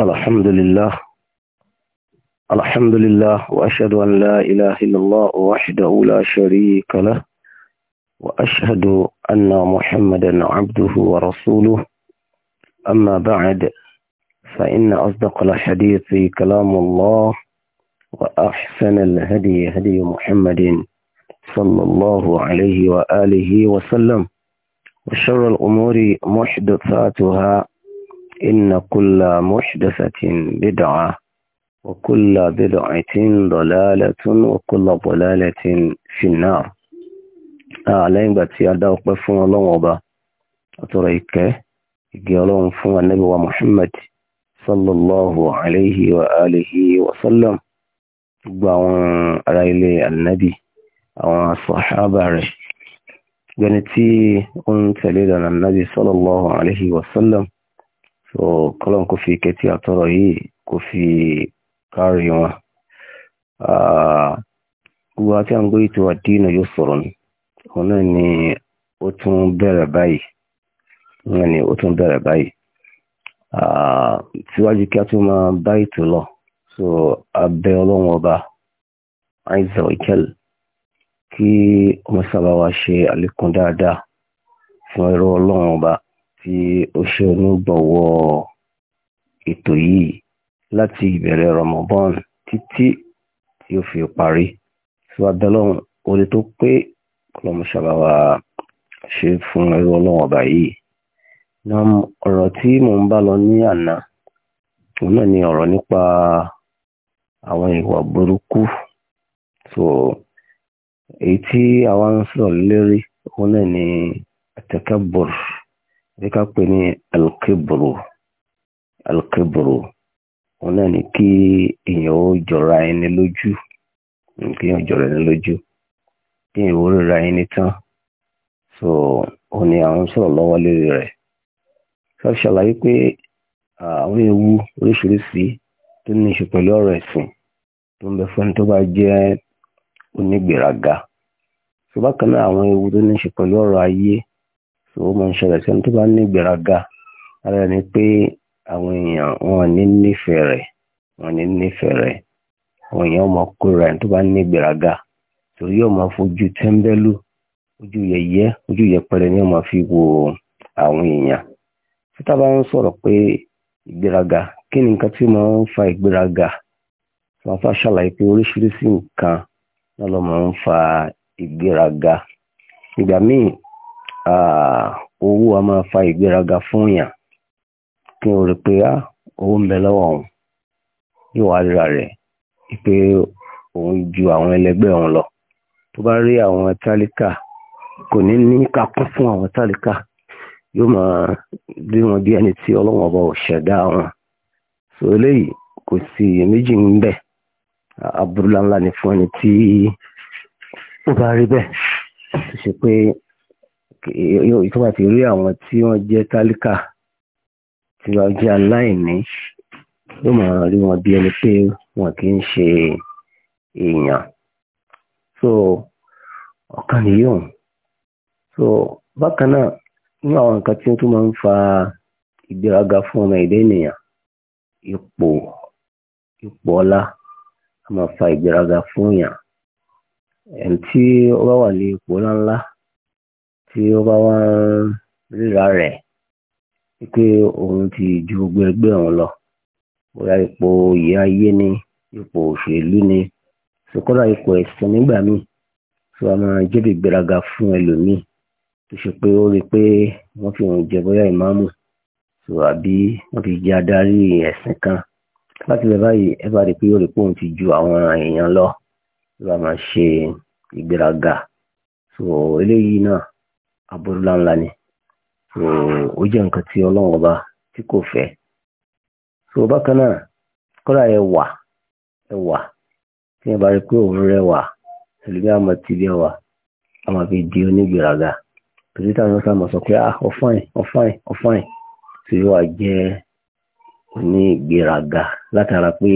الحمد لله الحمد لله وأشهد أن لا إله إلا الله وحده لا شريك له وأشهد أن محمدا عبده ورسوله أما بعد فإن أصدق الحديث كلام الله وأحسن الهدي هدي محمد صلى الله عليه وآله وسلم وشر الأمور محدثاتها إن كل محدثة بدعة وكل بدعة ضلالة وكل ضلالة في النار أعلم باتي أدعو بفون الله وبا أتريك يقولون فون النبي ومحمد صلى الله عليه وآله وسلم gbàwọn ará ilé ànábì àwọn sọ̀hábà rẹ̀ gbẹni tí ó ń tẹ̀lé ìlànà ànábì sallallahu alaihi wasallam so kọ́lọ́n kò fi kẹtí àtọ́rọ̀ yìí kò fi kárí wọn ah, gbogbo àti àwọn gbóyè tó wà yóò sọ̀rọ̀ ni òun náà ni ó tún bẹ̀rẹ̀ báyìí náà ni ó tún bẹ̀rẹ̀ báyìí ah, síwájú kí a tún máa báyìí tó lọ so abẹ́ ọlọ́run ọba aizel ikel kí ọmọ sábà wa ṣe àlékún dáadáa fún ẹ̀rọ ọlọ́run ọba tí ó ṣe onígbọ̀wọ́ ètò yìí láti ìbẹ̀rẹ̀ Ramadan títí tí ó fi parí síwájú ọlọ́run orí tó pé kọlọmọṣàbáwá ṣe fún ẹrú ọlọ́run ọba yìí Na ọ̀rọ̀ tí mò ń bá lọ ní àná òun náà ni ọ̀rọ̀ nípa àwọn ìwà burúkú so èyí tí àwa ń sọ̀rọ̀ lérí òun náà ni bí ká pè ní alkebro alkebro òun náà ni kí èèyàn ó jọra ẹni lójú kí èèyàn jọra ẹni lójú kí èèyàn ó ríra ẹni tán so òun ni àwọn sọ̀rọ̀ lọ́wọ́ lórí rẹ̀ sọ ṣàlàyé pé àwọn ewu oríṣiríṣi tó ní ṣe pẹ̀lú ọ̀rọ̀ ẹ̀sìn tó ń bẹ fún ẹni tó bá jẹ́ onígbèrágà so bákan náà àwọn ewu tó ní ṣe pẹ̀lú ọ̀rọ̀ ayé so ó máa ń ṣẹlẹ̀ sẹ́ni tó bá ní ìgbéraga ara ni pé àwọn èèyàn wọn ní nífẹ̀ẹ́ rẹ̀ wọn ní nífẹ̀ẹ́ rẹ̀ àwọn èèyàn ọmọ ẹni tó bá ní ìgbéraga torí yóò máa fojú ojú yẹyẹ ojú yẹpẹrẹ ni wọ́n máa fi wo àwọn èèyàn títà bá ń sọ̀rọ̀ pé ìgbéraga kí ni nǹkan owó a máa fa ìgbéraga fún yàn kí o rí pé á ah, owó ń bẹ lọ́wọ́ òun yóò wá ríra rẹ̀ pé òun ju àwọn ẹlẹgbẹ́ òun lọ tó bá rí àwọn tálíkà kò ní ní kápọ́ fún àwọn tálíkà yóò máa bí wọn bí ẹni tí ọlọ́wọ́n ọba ò ṣẹ̀dá wọn so eléyìí kò sí iyèméjì ń bẹ aburú ńláńlá ni fún ẹni tí ó bá rí bẹ́ẹ̀ tó ṣe pé tó bá ti rí àwọn tí wọ́n jẹ́ tálíkà tí wọ́n jẹ́ aláìní yóò máa rí wọn bí ẹni pé wọn kì í ṣe èèyàn so ọ̀kan nìyóò so bákan náà nínú àwọn nǹkan tí wọ́n tún máa ń fa ìgbéraga fún ọmọ ìdá ènìyàn ipò ipò ọlá a máa fa ìgbéraga fún èèyàn ẹni tí ó bá wà ní ipò ńláńlá tí ó bá wá ń ríra rẹ̀ wípé òun ti ju gbogbo ẹgbẹ́ òun lọ bóyá ipò oyè ayé ni ipò òṣèlú ni ṣùkọ́dà ipò ẹ̀sìn nígbà míì tí wọ́n máa jẹ́bi ìgbéraga fún ẹlòmíì tó ṣe pé ó rí i pé wọ́n fi òun jẹ bóyá ìmáàmù tó àbí wọ́n fi jẹ́ adarí ẹ̀sìn kan láti lè báyìí ẹ bá rí i pé ó rí i pé òun ti ju àwọn èèyàn lọ ló bá máa ṣe ìgbéraga so eléyìí náà aburú ńláńlá ni hmm, ó jẹ́ nǹkan tí ọlọ́run ọba tí kò fẹ́ so bákan náà kọ́ra ẹwà ẹwà tí wọ́n bá rí pé òun rẹwà ẹlòmíà máa ti bí ẹwà a máa fi di onígbèrágà torí táwọn sáà máa sọ pé ah ọ̀fáìn ọ̀fáìn ọ̀fáìn tí ó wà onígbèrágà látara pé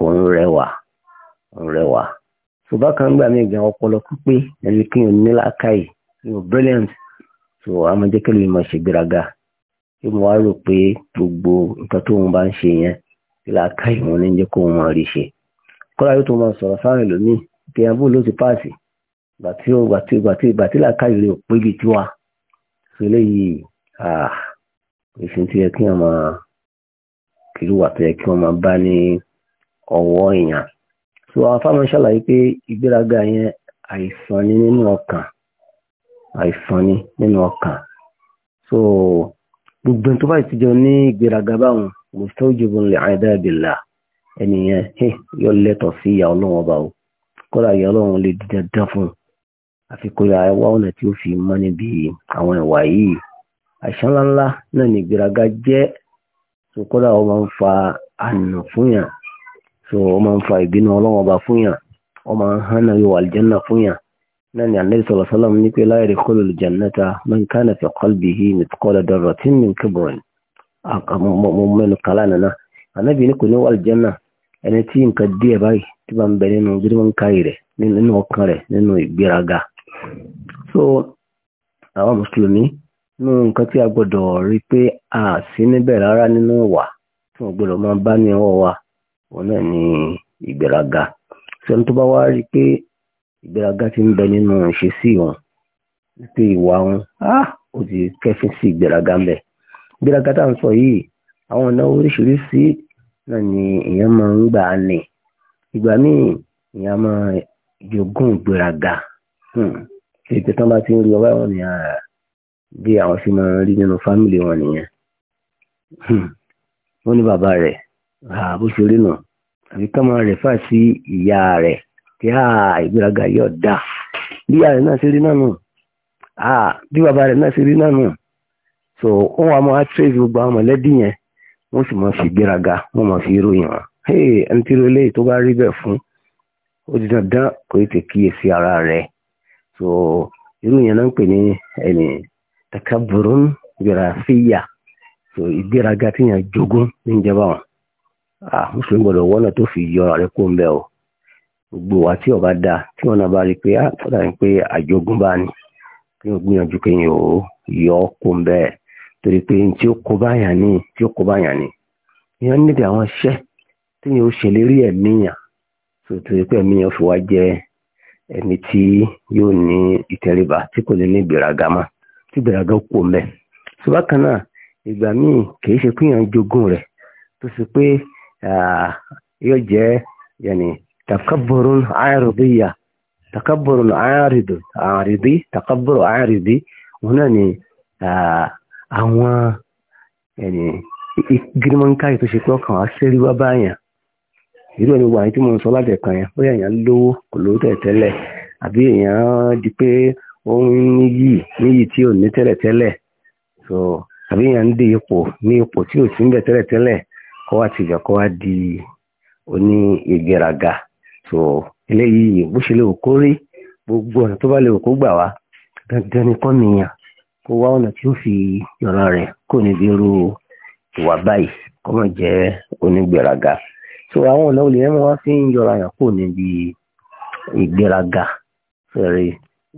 òun rẹwà òun rẹwà so bákan gbà mí gan ọpọlọ pípé ẹni kí n ní làákàyè you brilliant so a máa jẹ́ kẹ́lẹ́ máa ṣe gbéraga yóò mọ̀ wá rò pé gbogbo nǹkan tó ń bá ń ṣe yẹn kí la ká ìwọ̀n ní jẹ́ kó wọn rí ṣe kọ́lá yóò tó máa sọ̀rọ̀ sáwọn ẹlòmíì ló ti páàsì bàtí ó ìrè òpé eléyìí yẹ kí wọ́n máa kiri wà tó yẹ kí wọ́n máa bá ní ọwọ́ èèyàn so àwọn ṣàlàyé pé àìsàn ni nínú ọkàn so gbogbo tó bá ti jọ ní ìgbéraga báwọn mustajibun li adabillah ẹnìyẹn yóò lẹ́tọ̀ọ́ sí ìyá ọlọ́wọ́n bá o kọ́lá ìyá ọlọ́wọ́n lè dídá dán fún un àfi kó ya wá ọ̀nà tí ó fi mọ́ níbi àwọn ìwà yìí àìsàn ńláńlá náà ní ìgbéraga jẹ́ so kọ́lá ọ máa ń fa ànà fúnyàn so ọ ń fa ìbínú ọlọ́wọ́n bá fúnyàn ọ máa ń hánà yóò wà àlùjánnà fúnyàn náà ni ànábì sallallahu alaihi wasallam ní pé la yadkhulul jannata man kana fi qalbihi mithqala darratin min kibrin mo mẹ́nu kala nana ànábì ní kò ní wà aljanna ẹni tí nǹkan díẹ̀ báyìí tí bá ń bẹ nínú gírímọ̀nkáyì rẹ̀ nínú ọkàn rẹ̀ nínú so àwọn mùsùlùmí nínú nǹkan tí a gbọ́dọ̀ rí pé a sí níbẹ̀ rárá nínú wà tí wọ́n gbọ́dọ̀ máa bá ní ọwọ́ wa òun náà ní ìgbéraga sẹ́ni tó bá wá rí ìgbéraga ti ń bẹ nínú ìṣesí wọn wípé ìwà wọn ah, ó ti kẹfín sí ìgbéraga ń bẹ ìgbéraga tá à ń sọ yìí àwọn ọ̀nà oríṣiríṣi náà ni èèyàn máa ń gbà á nì ìgbà míì èèyàn máa jogún ìgbéraga ṣe pé tán bá ti ń rí ọwọ́ ẹ̀wọ̀n ni bí àwọn sì máa rí nínú fámìlì wọn nìyẹn ó hmm. ní bàbá rẹ̀ bó ṣe rí nù àbí ká máa rẹ̀ fà sí ìyá rẹ̀ kí á ìgbéraga yọ da bí a rẹ̀ náà ṣe rí náà nù bí bàbá rẹ̀ náà ṣe rí so wọ́n wá máa trace gbogbo àwọn mọ̀lẹ́bí yẹn wọ́n sì máa fi ìgbéraga wọ́n máa fi ròyìn wọn ẹni tí rẹ léyìí tó bá rí bẹ́ẹ̀ fún ó dandan kò ara rẹ̀ so irú yẹn náà ń pè ní ẹni takaburun so ìgbéraga tí yẹn jogún wọn ah, mùsùlùmí tó fi yọ kó ń gbogbo wa tí ọba da tí wọn náà bá rí pé fọdà ah, ní pé ni kí wọn gbìyànjú kí yìí ó yọ ọ kó n torí pé tí ó kó báyà ní tí ó kó báyà ní ìyẹn níbi àwọn iṣẹ́ tí yìí ṣèlérí ẹ̀mí yàn tó torí pé ẹ̀mí yàn fi wá jẹ ẹni tí yóò ní ìtẹríba tí kò takabburul àìrìdíyà takabburul na àìrìdí takabburul àìrìdí òun náà ni àwọn gírímọ̀nkáyì tó ṣe pé ọkàn wá sẹ́rí wá báyàn irú ẹni wà ní tí mo ń sọ láti ẹ̀kan yẹn tí ò ní tẹ́lẹ̀tẹ́lẹ̀ so eléyìí bó ṣe lè gbogbo ọ̀nà tó bá lè wò gbà wá dandan ni kọ́ nìyàn kó wá ọ̀nà tí ó fi yọra rẹ̀ kó níbi irú ìwà báyìí kó má jẹ́ so àwọn ọ̀nà olè wá fi ń yọra yàn kó níbi ìgbéraga fẹ̀rẹ̀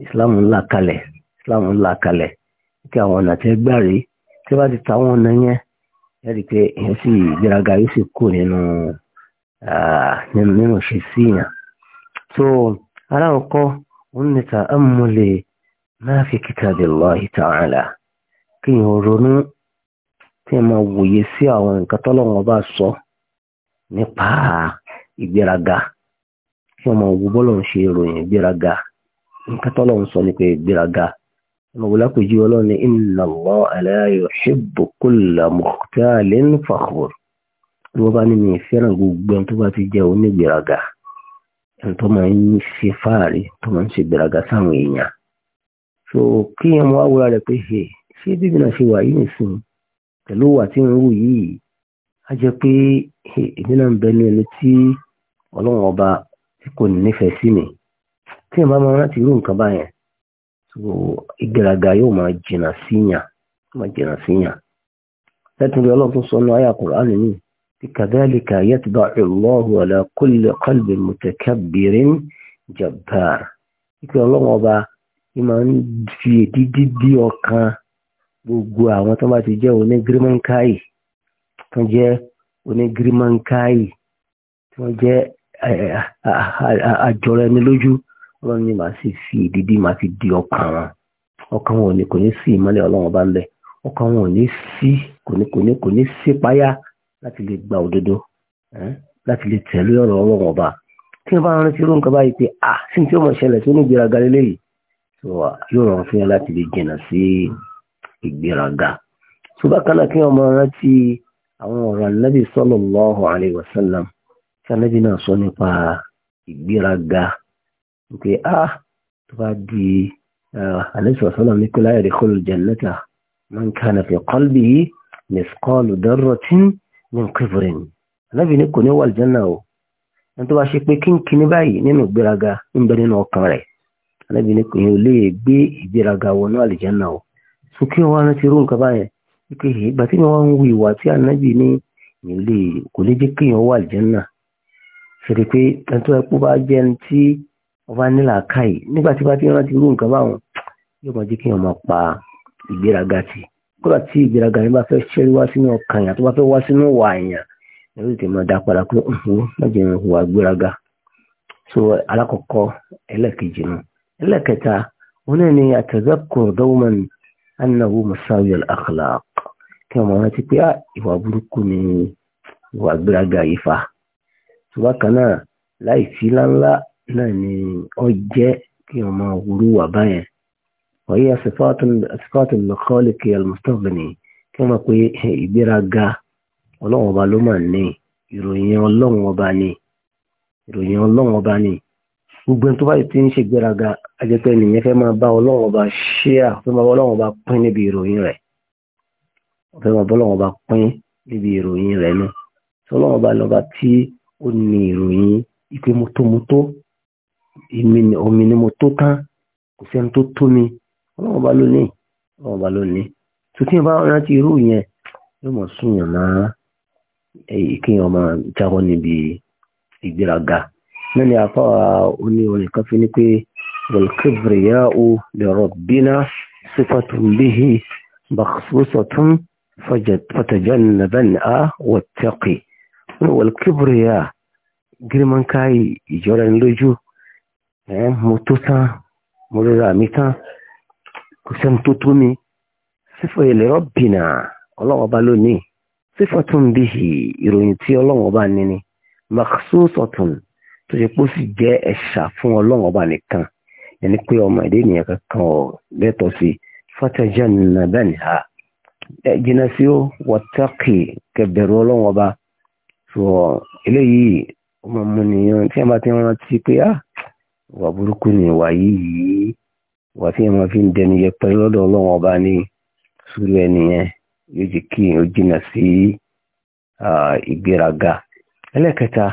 islam ńlá kalẹ̀ islam ńlá kalẹ̀ kí nínú ṣe sí yàn so aláwọ̀kọ́ òun ni ta'ammul ma fi kitabillahi ta'ala kí n ronú tí n máa wòye sí àwọn nǹkan tọ́lọ́wọ́n bá sọ nípa ìgbéraga kí n máa bọ́lọ̀ ń ṣe ìròyìn ìgbéraga nǹkan tọ́lọ́wọ́n sọ nípa ìgbéraga ọmọbìnrin kò jí ọlọ́run ní inna Allaha la yuhibbu kulla mukhtalin fakhur ni wọ́n bá ní mi fẹ́ràn gbogbo ẹni tó bá ti jẹ́ ẹni tó máa ń ṣe fáàrí tó máa ń so kí ẹ mọ àwòrán rẹ pé ṣe ṣé bíbí náà ṣe wà yìí nìsín pẹ̀lú wà tí ń wù yìí a jẹ́ pé èmi náà ń ọba tí kò nífẹ̀ẹ́ sí mi tí ẹ máa rántí irú nǹkan báyẹn so yóò máa jìnnà síyàn máa jìnnà síyàn ọlọ́run tó sọ كذلك يتبع الله على كل قلب متكبر جبار يقول الله وبا iman fi didi di ọkàn gbogbo àwọn tó bá ti jẹ́ onígírímọ̀nkáì tó jẹ́ onígírímọ̀nkáì tó jẹ́ àjọrọ ẹni lójú ọlọ́run ni màá sì fi ìdídí màá fi di ọkàn wọn ọkàn wọn ò ní kò ní sí ìmọ́lẹ̀ ọlọ́run bá ń bẹ ọkàn wọn ò ní sí kò ní kò ní sí páyà láti lè gba òdodo láti lè tẹ̀lé ọ̀rọ̀ ọlọ́run ọba tí wọ́n bá rántí irú nǹkan báyìí pé à sí tí ó mọ̀ ṣẹlẹ̀ tí ó ní ìgbéraga lélẹ́yìí tó wà yóò rọrùn fún yẹn láti lè jìnnà sí ìgbéraga tó bá kálá kí wọ́n máa rántí àwọn ọ̀rọ̀ anábì sallallahu alaihi wasallam tí anábì náà sọ nípa ìgbéraga wípé à tó bá di alayhi wasallam ní kó la yadkhulul jannata man fi qalbihi mithqalu darratin min kibrin anábì ní kò ní wà aljanna o ẹni tó bá ṣe pé kínkínní báyìí nínú ìgbéraga ń bẹ nínú ọkàn rẹ̀ anábì ní kò yẹn ò lè gbé ìgbéraga wọnú aljanna o so kí wọn rántí irú nǹkan báyẹn wípé ìgbà tí wọn ń wu ìwà tí anábì ní kò lè jẹ́ kéèyàn wà aljanna ṣètò pé ẹni tó ẹkú bá jẹ́ ẹni tí wọ́n bá nílà káyì nígbà tí bá ti rántí nǹkan báwọn yóò máa jẹ́ kéèyàn máa pa ìgbéraga tì í kódà tí ìgbéraga yẹn bá fẹ́ ṣẹ́rí wá sínú ọkàn yẹn tó bá fẹ́ wá sínú wà yẹn ẹ̀rọ ìtẹ̀ máa dá padà pé òun mọ̀jẹ̀ ń hùwà gbéraga so alákọ̀ọ́kọ́ ẹlẹ́ẹ̀kejì nù ẹlẹ́ẹ̀kẹta òun náà ni àtẹ̀zẹ́kọ̀ dọ́wọ́mọ̀n anáwó masawiyal akhlaq kí ọmọ wọn ti pé à ah, ìwà burúkú ni ìwà gbéraga yìí fa tó bá kan náà láì sí láńlá náà ni ọ jẹ́ kí ọmọ wúrú wà báyẹn وهي صفات صفات الخالق المستغني كما pé ìgbéraga ọlọ́run ọba ló máa ní ìròyìn ọlọ́run ọba ni ìròyìn ọlọ́run ọba ni gbogbo ẹni tó bá ti ń ṣe ìgbéraga ajẹ́pẹ́ nìyẹn fẹ́ máa bá ọlọ́run ọba ṣíà fẹ́ máa bá ọlọ́run ọba pín níbi ìròyìn rẹ̀ fẹ́ máa bá ọlọ́run ọba pín níbi ìròyìn rẹ̀ ni ọlọ́run ọba lọ́ba tí ó ní ìròyìn ìpè mọ́tòmọ́tò omi ni mo tó tán kò sẹ́ni tó tó mi ọlọ́wọ́n bá ló ní ọlọ́wọ́n bá ló ní tuntun yẹn bá rántí irú yẹn yóò mọ̀ sún yàn má kéèyàn máa jáwọ́ níbi ìgbéraga náà ni apá oní orin kan fi ní pé wal-kibriyā'u li rabbinā sifatun bihi makhṣūṣatun fatajannabha wattaqi wal-kibriyā' girman káyì ìjọra ẹni lójú mo tó tán mo rírà mi tán kò sẹ́ni tó tó mi sífọ̀ ilẹ̀ rọ́bìnà ọlọ́run ọba lónìí sífọ̀ tún bí ìròyìn tí ọlọ́run ọba ní ni maksusotun tó ṣe pé ó sì jẹ́ ẹ̀ṣà fún ọlọ́run ọba nìkan ẹni pé ọmọ ìdí ènìyàn kankan ọ̀ lẹ́tọ̀ sí fatajà nàbẹ́ni ha jìnnà sí ó wọ́tàkì kẹbẹ̀rù ọlọ́run ọba sọ eléyìí ó máa tí a bá ti rántí pé ah ìwà burúkú ni ìwà yìí yìí. wà tí ẹ máa fi ń dẹni yẹpẹrẹ lọ́dọ̀ ọlọ́run ọba ní sùúrù ẹnìyẹn yóò jẹ́ kí èèyàn jìnnà sí ìgbéraga ẹlẹ́kẹta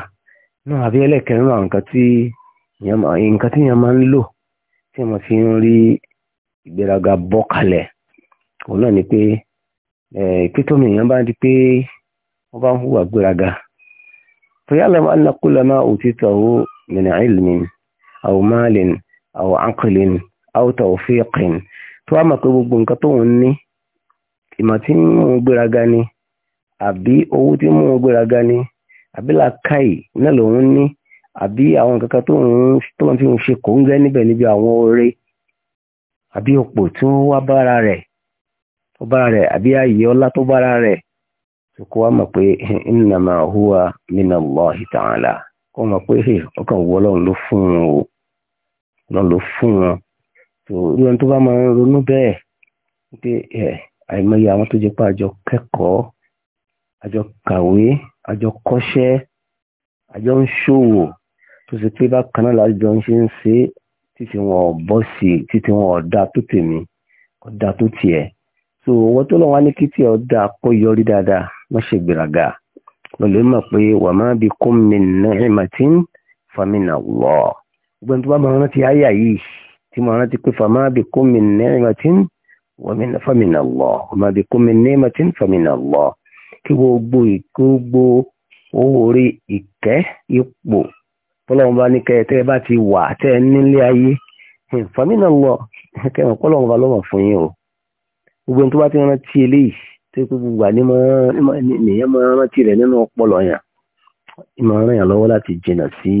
náà àbí ẹlẹ́kẹrin náà nǹkan tí máa ń lò tí fi ń rí ìgbéraga bọ́ òun náà ni pé pé tómi èèyàn bá di pé bá ń hùwà gbéraga malin aw tawfiqin to wá mọ̀ pé gbogbo nǹkan tó ń ní ìmọ̀ tí ni àbí owó tí ń mú un gbéraga ni àbí làákàyè náà lòun ní àbí àwọn nǹkan kan tó ń fi ń ṣe kò ń gẹ́ níbẹ̀ níbi àwọn oore àbí òpò tí wọ́n bara re rẹ̀ tó huwa ta'ala irú ẹni tó bá máa ń ronú bẹ́ẹ̀ pé ẹ àìmọye àwọn tó jẹ́ pé àjọ kẹ́kọ̀ọ́ àjọ kàwé àjọ kọ́ṣẹ́ àjọ ń ṣòwò tó sì pé bákan náà lájọ ń ṣe ń ṣe títí wọn bọ́ sí títí wọn ọ̀dà tó tèmi ọ̀dà tó tiẹ̀ so owó tó lọ́wọ́ ní kìtì ọ̀dà kó yọrí dáadáa má ṣe gbéraga lọ́lẹ́ mọ̀ pé wà má bí kún mi nàìjíríà tí ń fa mi nà wọ̀ gbọ́n tó bá máa rántí àyà yìí tí mo rántí pé fama bí kún mi nẹ́ẹ̀mà tí ń fàmìnà lọ fama bí kún mi nẹ́ẹ̀mà tí ń fàmìnà lọ kí gbogbo gbogbo owó orí ìkẹ́ ipò pọ́lọ́wọ́n bá ní kẹ́ẹ̀ tẹ́ bá ti wà tẹ́ nílé ayé fàmìnà lọ kẹ́ẹ̀ pọ́lọ́wọ́n bá lọ́wọ́ fún yín o gbogbo tó bá ti rántí eléyìí tó kó gbogbo àní nìyẹn máa rántí rẹ̀ nínú ọpọlọ yẹn ìmọ̀ràn yẹn lọ́wọ́ láti jìnnà sí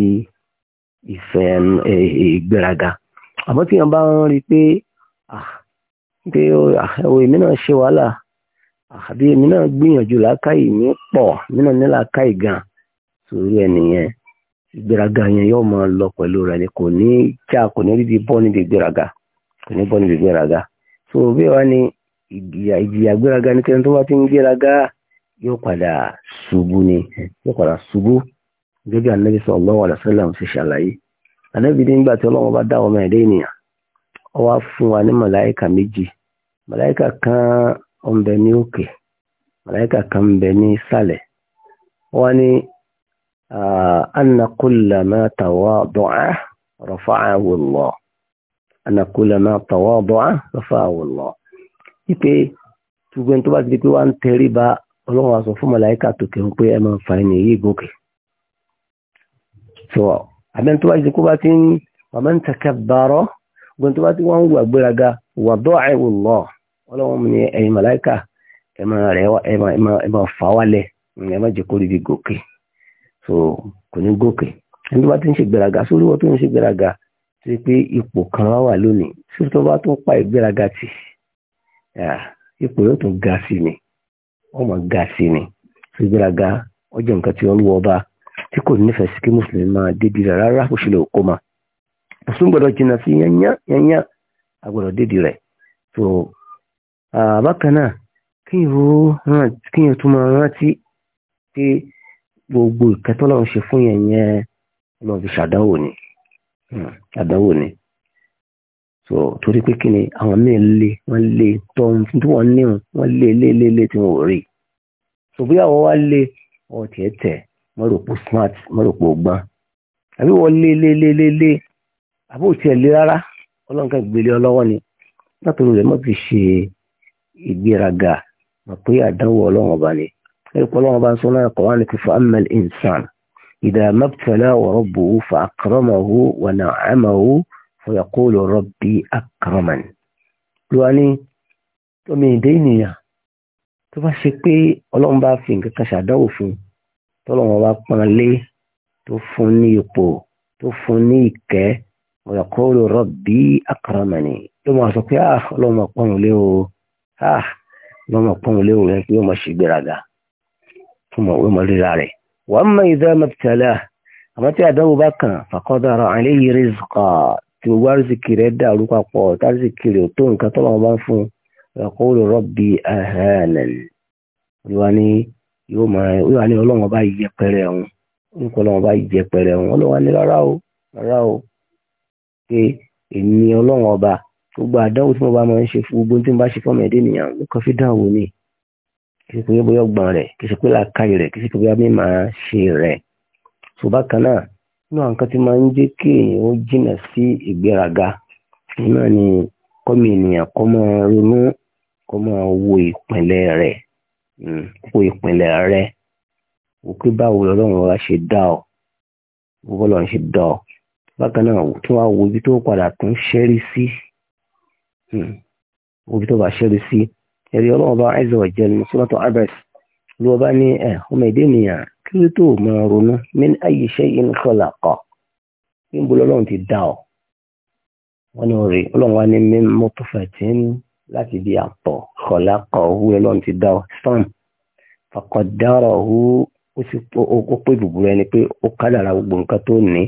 ìfẹ́ ìgbéraga àmọ́ tí yàn bá ń rí pé ah, pé ẹ̀wọ̀ ah, èmi náà ṣe wàhálà ah, àbí èmi náà gbìyànjú làákàyè mi pọ̀ èmi náà ní làákàyè gan sórí ẹnìyẹn ìgbéraga yẹn yóò máa lọ pẹ̀lú rẹ̀ ni kò ní já kò ní ríbi bọ́ níbi ìgbéraga kò ní bọ́ níbi ìgbéraga so bí wàá ní ìjìyà ìjìyà ni ní kẹrin tó bá ti ń gbéraga yóò padà ṣubú ni yóò padà ṣubú gẹ́gẹ́ bí anabi sallallahu alaihi ṣe ṣàlàyé a ní ìgbà tí ọlọ́run bá dá ọmọ ẹ̀dá ènìyàn ó wá fún wa ní méjì kan ó ń bẹ ní òkè màláìkà kan ń wani ní ìsàlẹ̀ wọ́n ní anna kullama tawada'a rafa'ahu Allah anna kullama tawada'a rafa'ahu Allah ipe tugbẹ́ tó bá ti di pé wá ń ba ọlọ́run wa sọ fún màláìkà tòkè ń pé ẹ máa ẹni gòkè. àbẹ́ni tó bá ṣe kó bá ti ń màmá ń tẹ̀kẹ́ bàárọ̀ gbọ́n tó bá ti wọ́n ń wà gbéraga wà dọ́ọ̀ẹ́ wò lọ ọlọ́run ni ẹ̀yin màláìka ẹ̀ rẹ̀ ẹ̀ máa fà jẹ́ kó ríbi gòkè so kò ní gòkè ẹni tó bá ti ń ṣe gbéraga sórí wọn tó ń ṣe gbéraga ti pé ipò kan wá wà lónìí sórí tó bá tún pa ìgbéraga tì ipò yóò tún ga sí ni wọ́n ga sí ni ṣùgbéraga ọjọ́ nǹkan tí wọ́n lù ọba tí kò nífẹ̀ẹ́ sí kí mùsùlùmí máa débi rẹ̀ rárá kò ṣe lè kó ma mùsùlùmí gbọ́dọ̀ jìnnà sí yányá yányá agbọ́dọ̀ rẹ̀ so bákan náà kí n ro kí n tún máa rántí pé gbogbo ìkẹtọ́ lọ́run ṣe fún yẹn yẹn ọmọ fi ṣàdánwò ni hmm, àdánwò ni so torí pé kí ni àwọn míì lé wọ́n lé tọ́ tí wọ́n ní wọ́n lé lé lé lé tí wọ́n ò rí so bóyá wọ́n wá lé ọ̀ tiẹ̀ tẹ̀ mọ́rò pò smart mọ́rò pò gbọ́n àbí wọ́n lé lé lé lé lé àbí ò tiẹ̀ lé rárá ọlọ́run kan gbélé ọlọ́wọ́ ni látọ̀rọ̀ rẹ̀ mọ́ fi ṣe ìgbéraga mọ̀ pé àdánwò ọlọ́run ọba ni ẹ̀kọ́ ọlọ́run ọba ń sọ náà kọ́ wọn ni fa amal insan idha mabtalahu rabbuhu fa akramahu wa na'amahu fa yaqulu rabbi akraman lóra ní tómi ìdé ènìyàn tó bá ṣe pé ọlọ́run bá fi nǹkan kan ṣàdánwò fún un tọ́lọ́wọ́n bá pọ́n lé tó fún ní ipò tó fún ní ìkẹ́ ọ̀yàkóró rabbi akramani ló máa sọ pé ah ọlọ́mọ pọ́n lé o ah ọlọ́mọ pọ́n lé o yẹn kí yóò máa ṣe gbéraga fún mọ̀ wọ́n mọ̀ ríra rẹ̀ wọ́n mọ ìdá mẹ́tẹ́lá àmọ́ tí àdánwò bá kàn faqadara alayhi rizqa tí gbogbo àrísìkì rẹ̀ dàrú papọ̀ tárísìkì rẹ̀ tó nǹkan tọ́lọ́wọ́n bá ń fún ọ̀yàkóró rabbi ahanan olùwà ni yóò máa yóò ní ọlọ́run ọba yẹpẹrẹ ọ̀hún nípa ọlọ́run ọba yẹpẹrẹ ọ̀hún ọlọ́run ní rárá o rárá o pé èmi ọlọ́run ọba gbogbo àdánwò tí mo bá máa ń ṣe fún gbogbo tí mo bá ṣe fọ́mọ ẹ̀dẹ́ nìyàn ló kàn fi dáwò ni kì í ṣe pé bóyá ọgbọ̀n rẹ̀ kì í ṣe pé làákàyè rẹ̀ kì í ṣe pé bóyá mi máa ṣe rẹ̀ tó bákan náà nínú àwọn kan tí máa ń jẹ́ kí èèyàn ó jìnà sí ìgbéraga náà ni kọ́mi ènìyàn kọ́ máa ronú kọ́ máa wo ìpínlẹ̀ rẹ̀ wo mm. ìpìlẹ̀ rẹ wò pé báwo lọ́lọ́run wa ṣe dá ọ wò bọ́ lọ́run ṣe dá ọ bákan náà tún wá wo ibi tó padà tún ṣẹ́rí sí mm. wo ibi tó bá ṣẹ́rí sí ẹ̀rí ọlọ́run bá Azza wa Jal ní Suratu Abas ló bá ní ẹ̀ ọmọ èdè nìyàn kí ló tó máa ronú min ayyi shay'in khalaqa níbo lọ́lọ́run ti dá ọ wọ́n ní ọ̀rẹ́ ọlọ́run wa ní min nutfatin láti bí àpọ̀ kọ̀lákọ̀ owó ẹlọ́run ti dá sàn fàkọ̀dárọ̀ owó ó sì ó pé bùbù rẹ ni pé ó kádàrà gbogbo nǹkan tó ní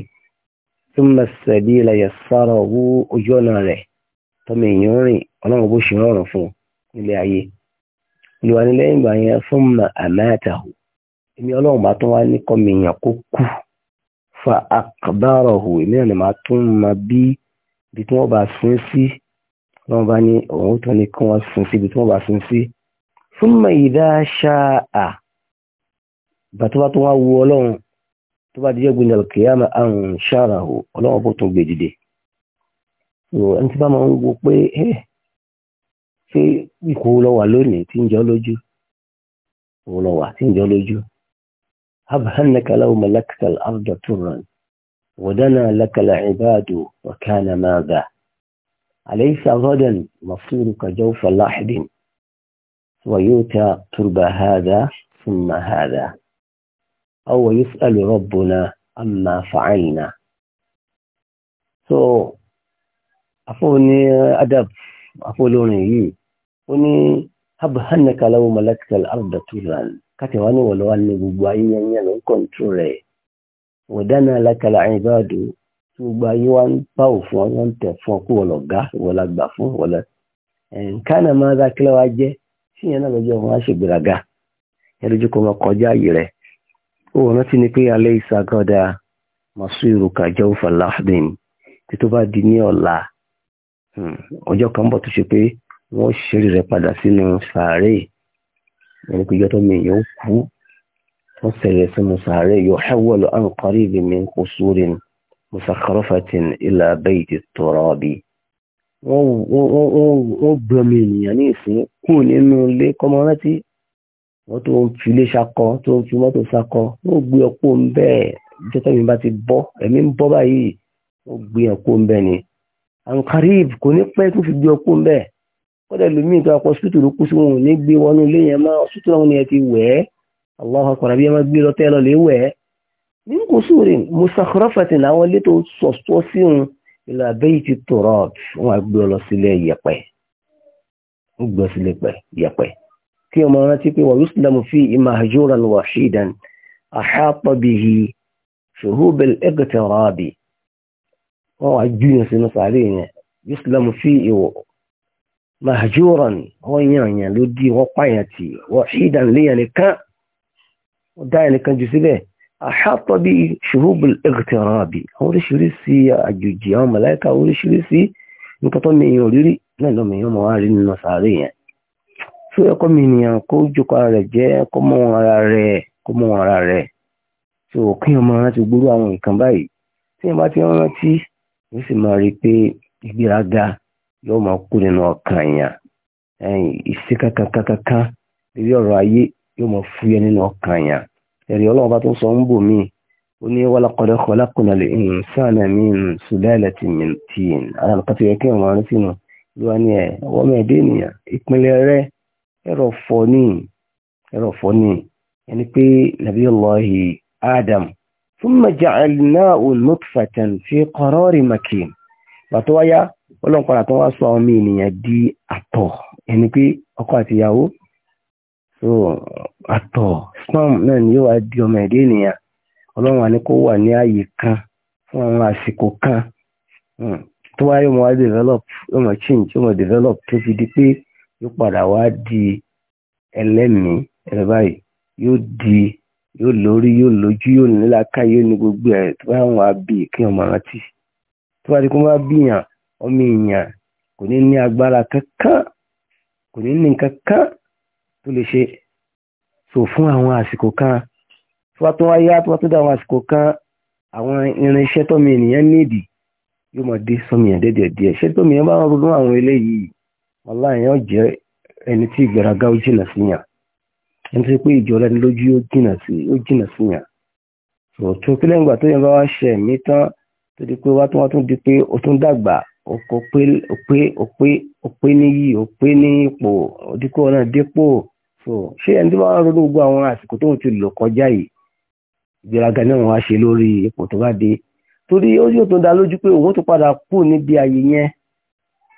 súnmọ́ sẹ̀bí ìlàyẹ̀ sọ̀rọ̀ owó ojú ọ̀nà rẹ̀ tọ́mọ èèyàn rìn ọlọ́run bó ṣe rọrùn fún nílé ayé olùwà ní lẹ́yìn ìgbà yẹn súnmọ́ àmáàtàhù èmi ọlọ́run bá tún wá ní kọ́mọ kó kú fa àkàbárọ̀ owó èmi náà ni màá tún máa bí ibi tí wọ́n bá sún sí wọ́n bá ní òun tó ní kí wọ́n sin síbi tí wọ́n bá sin sí thumma idha sha'a ìgbà tó bá tó wá wu ọlọ́run tó bá di yẹ́gun ìdàlù kìyàmà àrùn ṣàràhù ọlọ́run bó tún gbé dìde ẹni tí bá máa ń wo pé ṣé ikú lọ́wà lónìí tí ń jọ lójú òun lọ́wà tí ń jọ lójú abhannaka law malakta al-arda turran wadana laka ibadu wa kana أليس غدا مصيرك جوف لاحد ويؤتى ترب هذا ثم هذا أو يسأل ربنا عما فعلنا so أفوني أدب أفولوني يي أني هب هنك لو ملكت الأرض طولا كتواني ولو أن بوايا ينكون تري ودنا لك العباد gbogbo ayé wa ń bá òfin ọlọ́run tẹ̀ fún ọ kó wọ́n lọ gá wọ́n la gbà fún wọ́n lọ. nǹkan náà máa dákẹ́lẹ́ wa jẹ́ tí ìyẹn náà lọ́jọ́ wọn á ṣègbéraga ẹ lójú kó wọn kọjá ààyè rẹ̀. ó rántí ni pé alẹ́ ìsagọ́dà masu ìrùkà jẹ́wọ́ falafdin tí tó bá di ní ọ̀la hmm, ọjọ́ kan bọ̀ tó ṣe pé wọ́n ṣeré rẹ̀ padà sínú sàárè ẹni pé yọtọ̀ mi yóò kú wọ́n sẹ̀rẹ̀ sínú sàárè yóò musakharafatin ila bayti turabi wọ́n gbọmọ ènìyàn ní ìsìn kú nínú ilé kọ́mọ rántí wọ́n tó ń fi ilé sakọ tó ń fi mọ́tò sakọ wọ́n gbé ọ̀pọ̀ ń bẹ́ẹ̀ jọ́tọ́ mi bá ti bọ́ ẹ̀mí ń bọ́ báyìí wọ́n gbé ọ̀pọ̀ ń bẹ́ẹ̀ ni ankarib kò ní pẹ́ tó fi gbé ọ̀pọ̀ ń bẹ́ẹ̀ kọ́dà lómi ìtọ́ akọ sùtù ló kú sí wọn ò ní gbé wọnú ilé yẹn máa sùtù àwọn ènìyàn ti wẹ̀ ẹ́ aláwọ̀ akọ̀rọ̀ bí wọ́n gbé lọ́tẹ́ lọ lè wẹ̀ ẹ́ ní kò sóòrè musakhrafatin làwọn létò sọ̀tọ́ sí òun ìlà bayti turab wọn gbé ọ lọ sílẹ̀ yẹ̀pẹ̀ ń gbọ́ sílẹ̀ pẹ̀ yẹ̀pẹ̀ kí ọmọ rántí pé wọ́n yuslamu fi mahjuran wahidan ahata bihi shuhub al-iqtirab wọ́n wá ju yẹn sínú sàárè yẹn yuslamu fi ìwọ̀ mahjuran wọ́n yàn yàn ló di wọ́n pààyàn tì wahidan léyàn nìkan ó dá yàn nìkan jù sílẹ̀ àṣàtọ̀ bí ṣùgbọ́n ẹgbẹ̀tẹ̀rọ̀bì àwọn oríṣiríṣi àjòjì àwọn mọ̀láìka oríṣiríṣi nǹkan tó mìíràn rírí náà lọ́mọ èèyàn máa rí nínú sàárè yẹn tó ẹ̀kọ́ mi nìyàn kó jókòó ara rẹ̀ jẹ́ kó mọ ara rẹ̀ kó mọ ara rẹ̀ tó kí wọ́n máa rántí gbúrú àwọn nǹkan báyìí tí wọ́n bá ti rántí yóò sì máa rí i pé ìgbéraga yóò máa kú nínú ọkàn èèyàn ìṣe kankankankan lórí ọ̀rọ̀ ayé yóò máa fúyẹ́ nínú ọkàn èèyàn ẹ̀rí ọlọ́run bá tún sọ ń bò mí ó ní wọ́n lakọ̀dọ̀ kọ́ lákùnà lè ń sáànà mí ń sùdáìlẹ̀ tì mí tì ń ara nǹkan tó yẹ kí wọ́n rántí nù ló wá ní ẹ̀ wọ́n mẹ́ ẹ̀dẹ́ ènìyàn ìpínlẹ̀ rẹ ẹ̀rọ fọ́ ní ẹ̀rọ fọ́ ní ẹni pé nàbí ọlọ́hì Adam thumma ja'alnahu nutfatan fi qararin makin bàtọ́ wáyá ọlọ́nkọ́ra tó wá sọ so àtọ̀ sperm náà ni di ọmọ ẹ̀dá ènìyàn ọlọ́run àní kó wà ní ààyè kan fún àwọn kan hmm. tó wáyé ọmọ develop ọmọ change ọmọ develop tó fi di pé yóò padà wá di ẹlẹ́mìí ẹ̀rọ báyìí yóò di yóò lórí yóò lójú yóò ní yóò ní gbogbo tó bá bí kí di kó bá bíyàn ọmọ èèyàn kò tó lè ṣe so fún àwọn àsìkò kan tó bá tó wá yá tó bá tó dá àwọn àsìkò kan àwọn irinṣẹ́ tọ́mi ènìyàn nídìí yóò mọ̀ dé sọmi yẹn dédé díẹ̀ ṣé tómi yẹn bá wọn gbogbo àwọn eléyìí wàhálà yẹn jẹ́ ẹni tí ìgbéraga ó jìnà sí ẹni tó pé ìjọ lẹni lójú ó jìnà sí ó jìnà sí yàn so tó pé lẹ́yìn ìgbà tó yẹn bá wá ṣẹ̀ mí tán tó di pé wá tó wá tó di pé ó tún dàgbà ó pé ó pé ó pé níyì ó pé ní ipò ó di pé dépò so ṣé ẹni tó bá ronú gbogbo àwọn àsìkò tóun ti lò kọjá yìí ìgbéraga náà wá ṣe lórí ipò tó bá dé torí ó yóò tó dá lójú pé òun tó padà kú níbi ààyè yẹn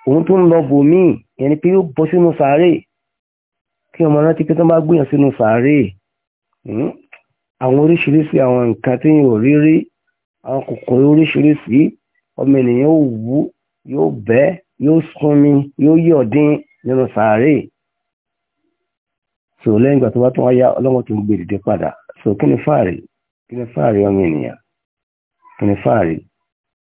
òun tó ń lọ bòmíì yẹn ni pé yóò bọ́ sínú sàárè kí ọmọ rántí pé tó bá gbìyàn sínú sàárè hmm? àwọn oríṣiríṣi àwọn nǹkan tí yóò rí rí àwọn kòkòrò oríṣiríṣi ọmọ ènìyàn yóò wú yóò bẹ́ yóò sunmi yóò yọ̀dín nínú sàárè so lẹ́yìn ìgbà tó bá tún wáyá ọlọ́wọ́n tó ń gbé dìde padà so kí ni fáàrí kí ni fáàrí ọmọ ènìyàn kí ni fáàrí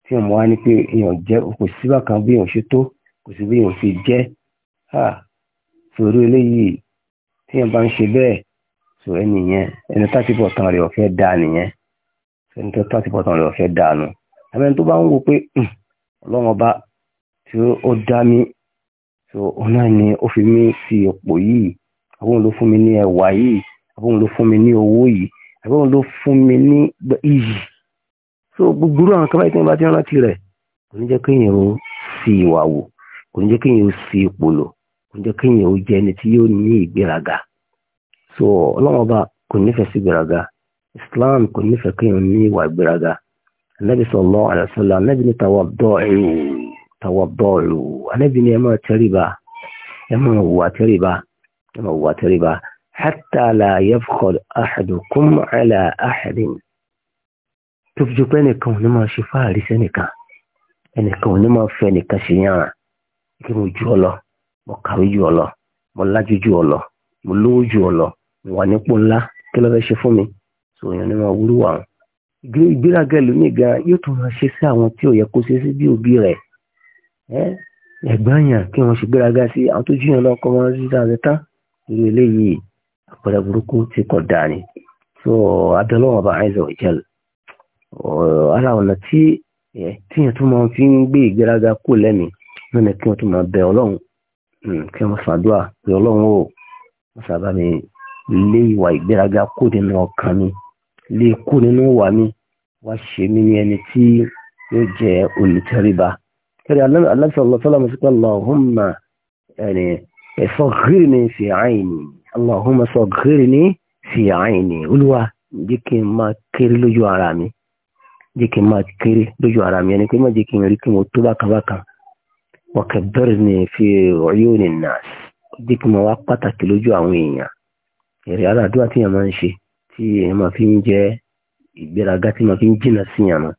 tí ọmọ wa ní pé èèyàn jẹ́ kò sí bákan bí èèyàn ṣe tó kò sí bí èèyàn ṣe jẹ́ ha sòrò eléyìí tí èèyàn bá ń ṣe bẹ́ẹ̀ so ẹni yẹn ẹni tàti pọ̀ tán rẹ̀ ọ̀fẹ́ dáa nìyẹn ẹni tó tàti pọ̀ tán rẹ̀ ọ̀fẹ́ dáa nù àmì ẹni tó bá ń wo pé hmm, ọlọ́wọ́n bá tí ó dá mi so ọ̀nà ni ó fi mí sí ipò yìí àbóhùn ló fún mi ní ẹwà yìí àbóhùn ló fún mi ní owó yìí àbóhùn ló fún mi ní iyì so gbogbo àwọn kan báyìí tí wọ́n bá ti rántí rẹ̀ kò ní jẹ́ kéèyàn ó sí ìwà wò kò ní jẹ́ kéèyàn ó sí ipò kò ní jẹ́ kéèyàn ó jẹ́ ẹni tí yóò ní ìgbéraga so ọlọ́wọ́n bá kò nífẹ̀ẹ́ sí ìgbéraga Islam kò nífẹ̀ẹ́ kéèyàn ní ìwà ìgbéraga anabi sallallahu alaihi wasallam anabi ní tawadọ́ọ̀rù tawadọ́ọ̀rù anabi ní ẹ máa tẹríba ẹ máa wà tẹríba ẹmọ wà tẹríba hatta la yafkhur ahadukum ala ahadin tó fi jọpẹ́ nìkan ò ní máa ṣe fáàrí sẹ́nìkan ẹnìkan ò ní máa fẹ́ nìkan ṣe yàn án kí mo ju ọ lọ mo kàwé ju ọ lọ mo lájú ju ọ lọ mo lówó ju ọ lọ mo wà nípò ńlá kí ló fẹ́ ṣe fún mi sòyàn ní máa wúlò wà wọn. ìgbéraga ẹlòmí gan yóò tún máa ṣe sí àwọn tí ò yẹ kó ṣe sí bí òbí rẹ̀ ẹgbẹ́ yàn kí wọ́n ṣe gbéraga sí àwọn tó jù yàn lọ́kọ́ wọn sí dáadáa tán irú eléyìí àpẹẹrẹ burúkú tí kò dáa ni so abẹ́lọ́wọ̀n bá àìsàn ìjẹ́l ara ọ̀nà tí tíyẹn tó máa fi ń gbé ìgbéraga kù lẹ́mi náà ni kí wọ́n tó máa bẹ ọlọ́run hmm, kí wọ́n ṣàdúrà pé ọlọ́run ò wọ́n sábà mi lé ìwà ìgbéraga kù nínú ọkàn mi lé e kù nínú ìwà mi wá ṣe mí ní ẹni tí yóò jẹ́ olùtẹríba. kẹ́rì aláṣọ ọlọ́sọ́lá mọ̀ sí pé lọ́hùn-ún صغرني في عيني اللهم صغرني في عيني olúwa jẹ́ kí n máa kéré lójú ara mi jẹ́ kí n máa kéré lójú ara mi ẹni pé má jẹ́ rí kí mo tó bákabákan وكبرني في عيون الناس jẹ́ kí mo wá pàtàkì lójú àwọn èèyàn èrè aládùúgbò tí èèyàn máa ń ṣe tí èèyàn máa fi ń jẹ ìgbéraga tí máa fi ń jìnnà sí yàn náà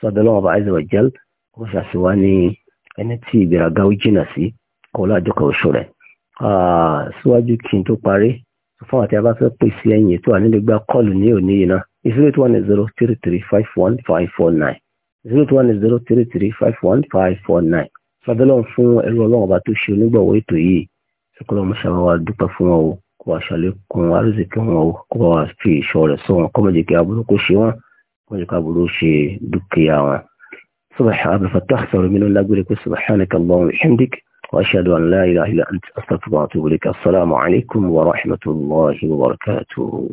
sọ́dọ̀ lọ́wọ́ bá azza wa jal kó ní ẹni tí ìgbéraga ó jìnnà sí kó lájọkọ̀ síwájú kí n tó parí fún àti abáfẹ́ pè sí ẹ̀yìn ètò ànílégbà kọlù ní òní yìí náà zero eight one zero three three five one five four nine zero eight one zero three three five one five four nine fàbẹ́lọ́n fún ẹrú ọlọ́run ọba tó ṣe onígbọ̀wọ́ ètò yìí ṣùkọ́lọ́ mọ́ṣáwá wa dúpẹ́ fún wọn o kó wa ṣàlékún arúzìkí wọn o kó wa fi ìṣọ́ rẹ̀ sọ wọn kọ́mọ̀jẹ̀ kí aburú kó ṣe wọn kọ́mọ̀jẹ̀ kí aburú ṣe dúkìá wọn. subahana abdulfatah sọ̀rọ̀ mi ló lágbére pé subahana kan bọ́ wọn ṣẹ́ndíkì وأشهد أن لا إله إلا أنت أستغفرك وأتوب إليك السلام عليكم ورحمة الله وبركاته